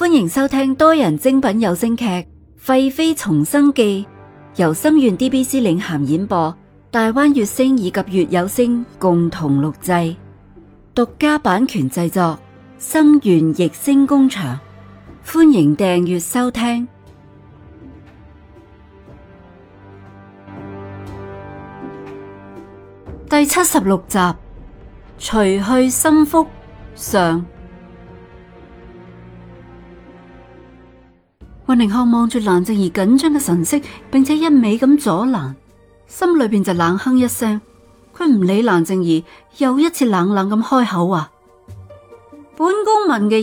歡迎收聽多人精品有聲劇《廢妃重生記》，由心願 DBC 領銜演播，大灣悅聲以及悅有聲共同錄製，獨家版權製作，心願逸聲工場。歡迎訂閱收聽第七十六集《除去心腹上》。尹寧鶴望住蘭靜兒緊張嘅神色，並且一味咁阻攔，心裏邊就冷哼一聲。佢唔理蘭靜兒，又一次冷冷咁開口話，啊，本宮問嘅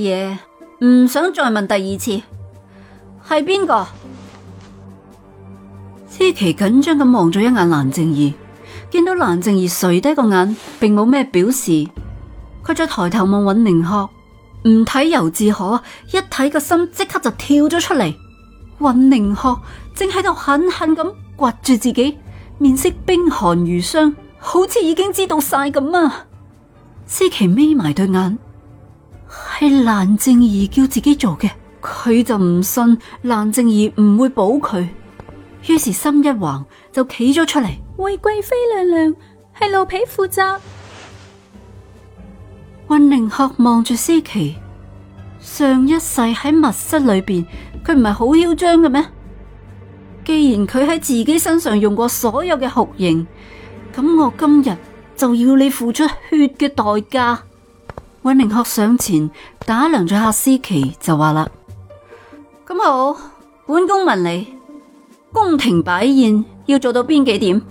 嘢唔想再問第二次，係邊個？思琪緊張咁望咗一眼蘭靜兒，見到蘭靜兒垂低個眼，並冇咩表示，佢再抬頭望尹寧鶴，唔睇猶自可，一睇個心即刻就跳咗出嚟。溫寧鶴正喺度狠狠咁掘住自己，面色冰寒如霜，好似已經知道晒咁啊！思琪眯埋對眼，係蘭靜兒叫自己做嘅，佢就唔信蘭靜兒唔會保佢，於是心一橫就企咗出嚟。為貴妃娘娘，係老婢負責。溫寧鶴望住思琪。上一世喺密室裏邊，佢唔係好囂張嘅咩？既然佢喺自己身上用過所有嘅酷刑，咁我今日就要你付出血嘅代價。溫明鶴上前打量咗下思琪，就話啦：咁好，本宮問你，宮廷擺宴要做到邊幾點？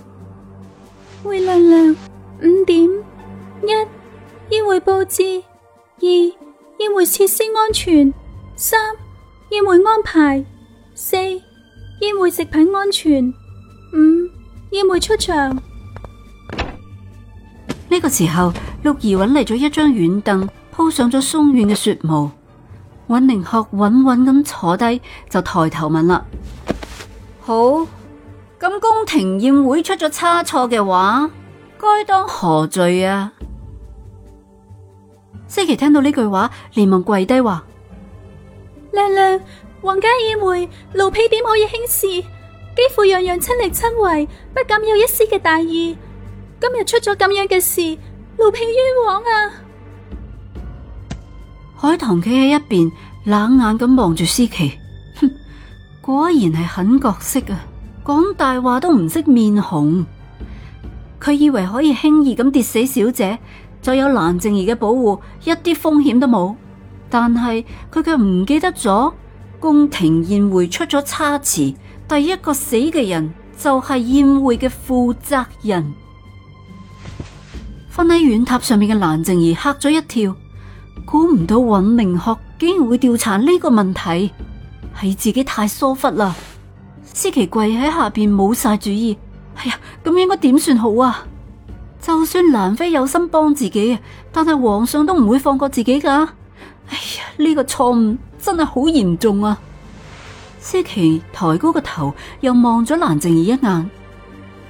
回娘娘，五點，一，宴會布置，二。宴會設施安全，三宴會安排，四宴會食品安全，五宴會出場。呢個時候，六兒揾嚟咗一張軟凳，鋪上咗鬆軟嘅雪毛，尹寧鶴穩穩咁坐低，就抬頭問啦：好，咁宮廷宴會出咗差錯嘅話，該當何罪啊？思琪聽到呢句話，連忙跪低話：娘娘，皇家宴會，奴婢點可以輕視？幾乎樣樣親力親為，不敢有一絲嘅大意。今日出咗咁樣嘅事，奴婢冤枉啊！海棠企喺一邊，冷眼咁望住思琪，哼，果然係狠角色啊！講大話都唔識面紅，佢以為可以輕易咁跌死小姐。就有蘭靜兒嘅保護，一啲風險都冇。但係佢卻唔記得咗，宮廷宴會出咗差池，第一個死嘅人就係宴會嘅負責人。瞓喺院塔上面嘅蘭靜兒嚇咗一跳，估唔到尹明學竟然會調查呢個問題，係自己太疏忽啦。思琪跪喺下邊冇晒主意，哎呀，咁應該點算好啊？就算蘭妃有心幫自己啊，但係皇上都唔會放過自己噶。哎呀，呢個錯誤真係好嚴重啊！思琪抬高個頭，又望咗蘭靜儀一眼，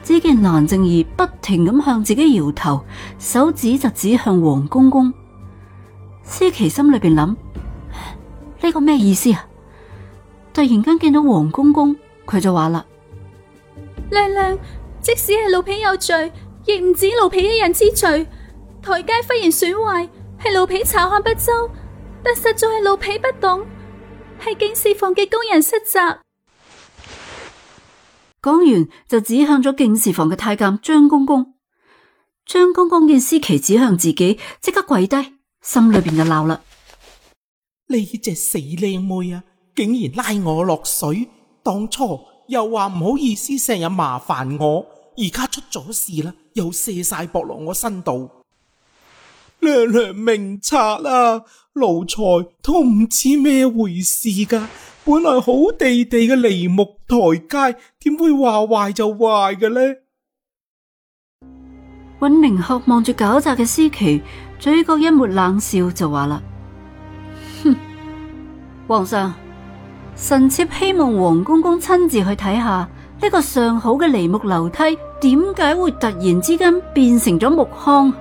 只見蘭靜儀不停咁向自己搖頭，手指就指向王公公。思琪心裏邊諗：呢個咩意思啊？突然間見到王公公，佢就話啦：娘娘，即使係老婢有罪。亦唔止奴婢一人之罪，台階忽然損壞係奴婢查看不周，但實在係奴婢不懂，係敬事房嘅工人失責。講完就指向咗敬事房嘅太監張公公。張公公見思琪指向自己，即刻跪低，心裏邊就鬧啦：你隻死靚妹啊，竟然拉我落水，當初又話唔好意思成日麻煩我。而家出咗事啦，又卸晒薄落我身度，娘娘明察啊！奴才都唔知咩回事噶，本來好地地嘅梨木台階，點會話壞就壞嘅呢？尹明鶴望住狡詐嘅司琪，嘴角一抹冷笑就話啦，哼，皇上，臣妾希望黃公公親自去睇下。呢個上好嘅梨木樓梯，點解會突然之間變成咗木糠？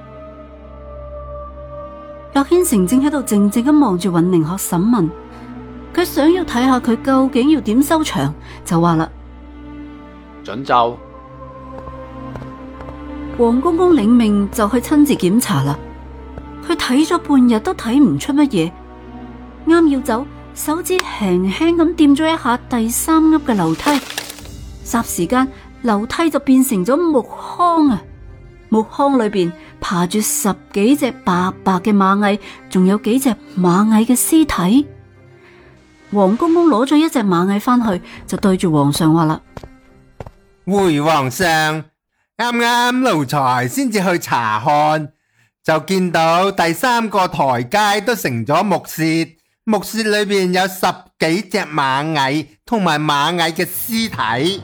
洛軒城正喺度靜靜咁望住尹寧學審問，佢想要睇下佢究竟要點收場，就話啦：准奏走！」王公公領命就去親自檢查啦。佢睇咗半日都睇唔出乜嘢，啱要走，手指輕輕咁掂咗一下第三粒嘅樓梯。霎時間，樓梯就變成咗木糠啊！木糠裏邊爬住十幾隻白白嘅螞蟻，仲有幾隻螞蟻嘅屍體。黃公公攞咗一隻螞蟻返去，就對住皇上話啦：回皇上，啱啱奴才先至去查看，就見到第三個台階都成咗木屑，木屑裏邊有十幾隻螞蟻同埋螞蟻嘅屍體。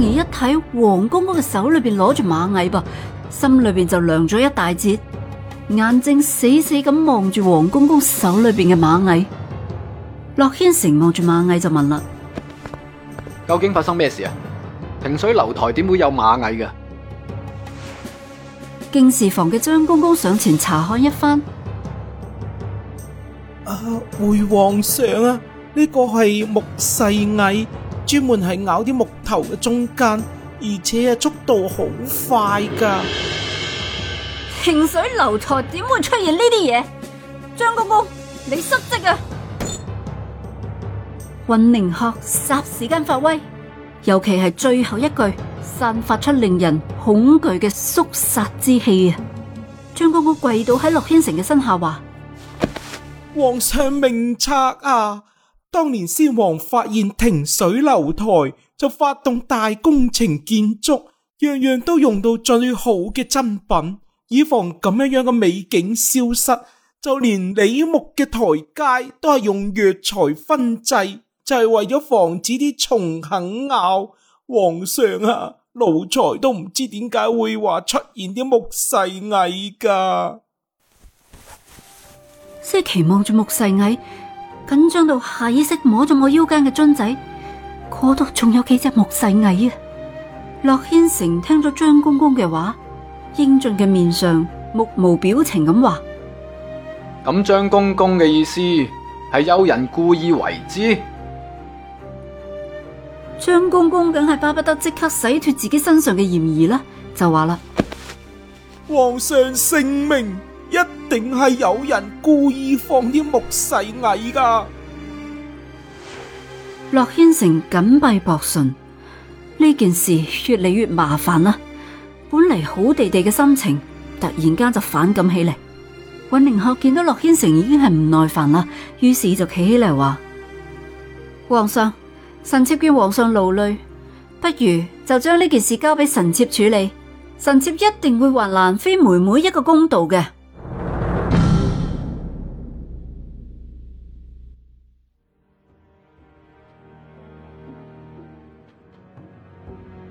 一睇黃公公嘅手裏邊攞住螞蟻噃，心裏邊就涼咗一大截，眼睛死死咁望住黃公公手裏邊嘅螞蟻。洛軒城望住螞蟻就問啦：究竟發生咩事啊？停水樓台點會有螞蟻嘅？敬事房嘅張公公上前查看一番，啊、回皇上啊，呢、這個係木世蟻。專門係咬啲木頭嘅中間，而且啊速度好快噶。清水流沱點會出現呢啲嘢？張公公，你失職啊！尹寧鶴霎時間發威，尤其係最後一句，散發出令人恐懼嘅肅殺之氣啊！張公公跪倒喺洛軒成嘅身下，話：皇上明察啊！當年先王發現停水樓台，就發動大工程建築，樣樣都用到最好嘅珍品，以防咁樣樣嘅美景消失。就連李木嘅台階都係用藥材燻製，就係為咗防止啲蟲啃咬。皇上啊，奴才都唔知點解會話出現啲木世蟻噶。謝奇望住木世蟻。緊張到下意識摸咗我腰間嘅樽仔，嗰度仲有幾隻木細蟻啊！樂軒成聽咗張公公嘅話，英俊嘅面上目無表情咁話：咁張公公嘅意思係有人故意為之。張公公梗係巴不得即刻洗脱自己身上嘅嫌疑啦，就話啦：皇上聖明。一定係有人故意放啲木細蟻噶。洛軒成緊閉薄唇，呢件事越嚟越麻煩啦。本嚟好地地嘅心情，突然間就反感起嚟。尹寧鶴見到洛軒成已經係唔耐煩啦，於是就企起嚟話，皇上，臣妾見皇上勞累，不如就將呢件事交俾臣妾處理，臣妾一定會還蘭妃妹妹一個公道嘅。